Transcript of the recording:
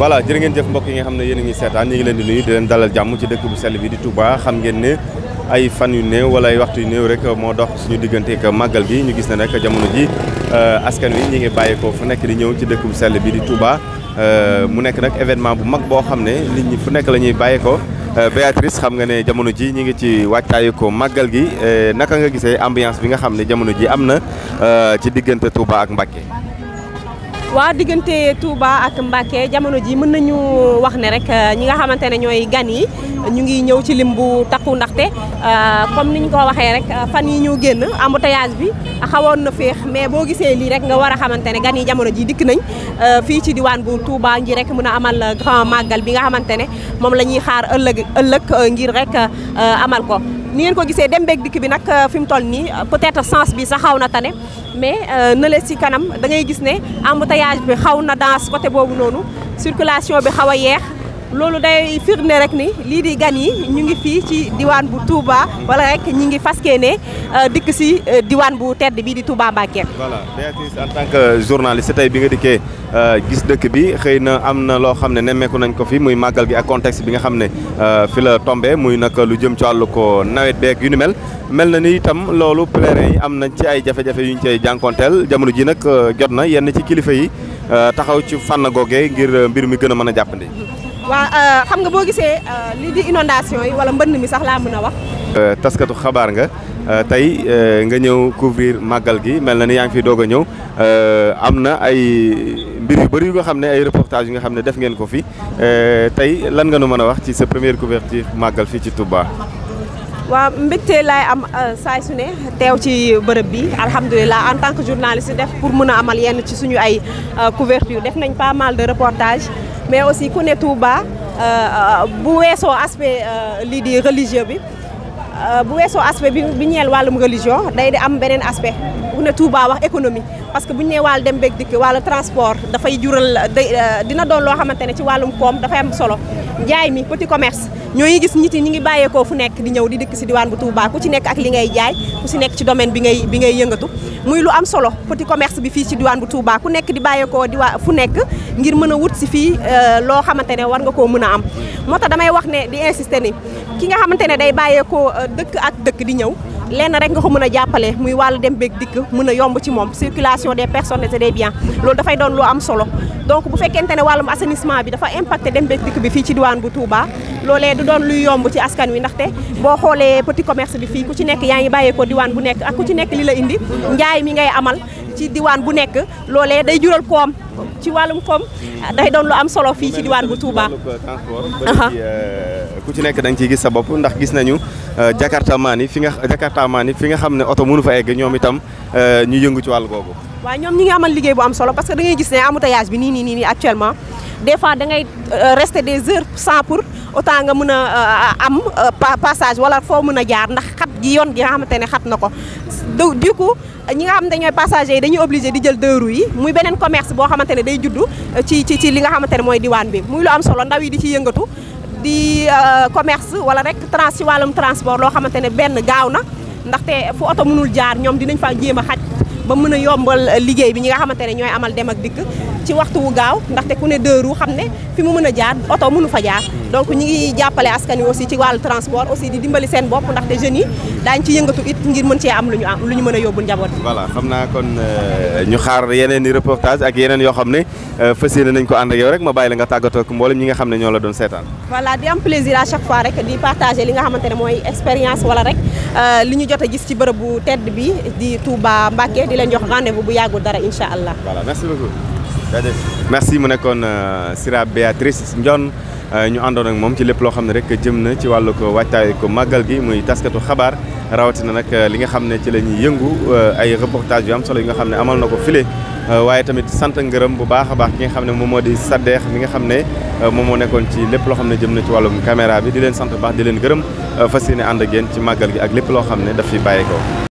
voilà jër ngeen jëf mbokk yi nga xam ne yéen ngi seetaan ñu ngi leen di nuyu di leen dalal jàmm ci dëkk bu sell bi di Touba xam ngeen ne ay fan yu néew wala ay waxtu yu néew rek moo dox suñu diggante ak màggal gi ñu gis na nag jamono ji euh, askan wi ñi ngi bàyyeekoo fu nekk di ñëw ci dëkk bu sell bi di Touba euh, mu nekk nag événement bu mag boo xam ne nit ñi fu nekk la ñuy bàyyeekoo euh, Béatrice xam nga ne jamono ji ñu ngi ci wàccaayu ko màggal gi naka nga gisee ambiance bi nga xam ne jamono ji am na ci diggante Touba ak Mbacké waa diggante Touba ak Mbacké jamono ji mën nañu wax ne rek euh, ñi nga xamante ne ñooy gan yi ñu ngi ñëw ci lim bu takku ndaxte euh, comme ni ñu ko waxee rek euh, fan yi ñu génn embouteillage bi xawoon na feex mais boo gisee lii rek nga war a xamante ne gan yi jamono ji dikk nañ fii ci diwaan bu Touba ngir rek mën a amal grand màggal bi nga xamante ne moom la ñuy xaar ëllëg ëllëg ngir rek amal ko ni ngeen ko gisee dem beeg dikk bi nag euh, fi toll nii euh, peut-être sens bi sa xaw na tane mais euh, na le si kanam da ngay gis ne embouteillage bi xaw na dans côté boobu noonu circulation bi xaw a yeex loolu day firnde rek ni lii di gan yi ñu ngi fii ci diwaan bu Touba wala rek ñu ngi faske ne euh, dikk si euh, diwaan bu tedd bi di Touba Mbacké. voilà Béatrice en tant que journaliste tey bi nga dikkee euh, gis dëkk bi xëy na am na loo xam ne nemmeeku nañ ko fi muy màggal gi ak contexte bi nga xam ne fi la tombe muy nag lu jëm ci wàllu ko nawet beeg yu ni mel mel na ni itam loolu pèlerins yi am nañ ci ay jafe-jafe yu ñu cay jànkonteel jamono ji nag jot na yenn ci kilifa yi taxaw ci fànn googee ngir mbir mi gën a mën a jàppandi. waa euh, xam nga boo gisee euh, lii di inondation yi wala mbënn mi sax laa mën a wax. Euh, taskatu xabaar nga tey nga ñëw couvrir màggal gi mel na ni yaa ngi fi doog a ñëw am na ay mbir yu bëri nga xam ne ay reportage yi nga xam ne def ngeen ko fi tey lan nga nu mën a wax ci sa première couverture màggal fii ci Touba. waaw mbégte laay am saay su ne teew ci bërëb bi alhamdulilah en tant que journaliste def pour mën a amal yenn ci suñu ay couverture def nañ pas mal de mais aussi ku ne Touba euh, bu weesoo aspect euh, lii di religieux bi euh, bu weesoo aspect bi bi ñeel wàllum religion day di am beneen aspect ku ne Touba wax économie parce que bu ñu nee wàll dem beeg dikk wàllu transport dafay jural dina doon loo xamante ne ci wàllum koom dafay am solo jaay mi petit commerce ñoo ngi gis nit yi ñu ngi bàyyeekoo fu nekk di ñëw di dëkk si diwaan bu tuubaa ku ci nekk ak li ngay jaay ku ci nekk ci domaine bi ngay bi ngay yëngatu muy lu am solo petit commerce bi fii ci diwaan bu Touba ku nekk di bàyyeekoo diwaa fu nekk ngir mën a wut si fii euh, loo xamante ne war nga koo mën a am moo tax damay wax ne di insister ni ki nga xamante ne day bàyyeekoo euh, dëkk ak dëkk di ñëw lenn rek nga ko mën jàppale muy wàllu dem beeg dikk mën a yomb ci moom circulation des personnes et des biens loolu dafay doon lu am solo donc bu fekkente ne wàllum assainissement bi dafa impacté dem beeg dikk bi fii ci diwaan bu Touba loolee du doon luy yomb ci askan wi ndaxte boo xoolee petit commerce bi fii ku ci nekk yaa ngi bàyyeekoo diwaan bu nekk ak ku ci nekk li la indi njaay mi ngay amal ci diwaan bu nekk loolee day jural koom ci wàllum koom day doon lu am solo fii diwaan bu Touba. ku ci nekk da nga gis sa bopp ndax gis nañu euh, Jakarta maani fi nga Jakarta maani fi nga xam ne oto mënu fa egg ñoom itam euh, ñu yëngu ci wàll googu. waaw ñoom ñi nga amal liggéey bu am solo parce que da ngay gis ne embouteillage bi nii nii nii actuellement des fois da ngay euh, des heures sans pour autant nga mën a am passage wala foo mën a jaar ndax xat gi yoon gi nga xamante ne xat na ko. du coup ñi nga xam ne ñooy passagers yi dañuy obligé di jël deux yi muy beneen commerce boo xamante ne day juddu ci ci ci li nga xamante ne mooy diwaan bi muy lu am solo ndaw yi di ci yëngatu. di euh, commerce wala rek trans ci wàllum transport loo xamante ne benn gaaw na ndaxte fu oto mënul jaar ñoom dinañ fa jéem a xaj ba mën a yombal liggéey bi ñi nga xamante ne ñooy amal dem ak dikk ci waxtu wu gaaw ndaxte ku ne deux roues xam ne fi mu mën a jaar oto mënu fa jaar donc ñi ngi jàppale askan wi aussi ci wàllu transport aussi di dimbali seen bopp ndaxte jeunes yi daañ ci yëngatu it ngir mën cee am lu ñu mën a yóbbu njaboot voilà xam naa kon euh, ñu xaar yeneen i reportage ak yeneen yoo xam ne euh, fas yéene nañ ko ànd ak yow rek ma bàyyi la nga tàggatoo ak mboolem ñi nga xam ne ñoo la doon seetaan voilà di am plaisir à chaque fois rek di partager li nga xamante ne mooy expérience wala rek euh, li ñu jot a gis ci bërëb bu tedd bi di Touba Mbacké di leen jox rendez-vous bu yàggul dara incha allah voilà merci merci mu nekkoon euh, Sira Béatrice Ndione euh, ñu àndoon ak moom ci lépp loo xam ne rek jëm na ci wàllu ko waajtaay ko màggal gi muy taskatu xabaar rawatina nag euh, li nga xam ne ci la ñuy yëngu ay reportage yu am solo yi nga xam ne amal na ko file waaye tamit sant ngërëm bu baax a baax ki nga xam ne moom moo di saddeex mi nga xam ne moo moo nekkoon ci lépp loo xam ne jëm na ci wàllum caméra bi di leen sant baax di leen gërëm fas yéene ànd ak yéen ci màggal gi ak lépp loo xam ne daf fi bàyyeekoo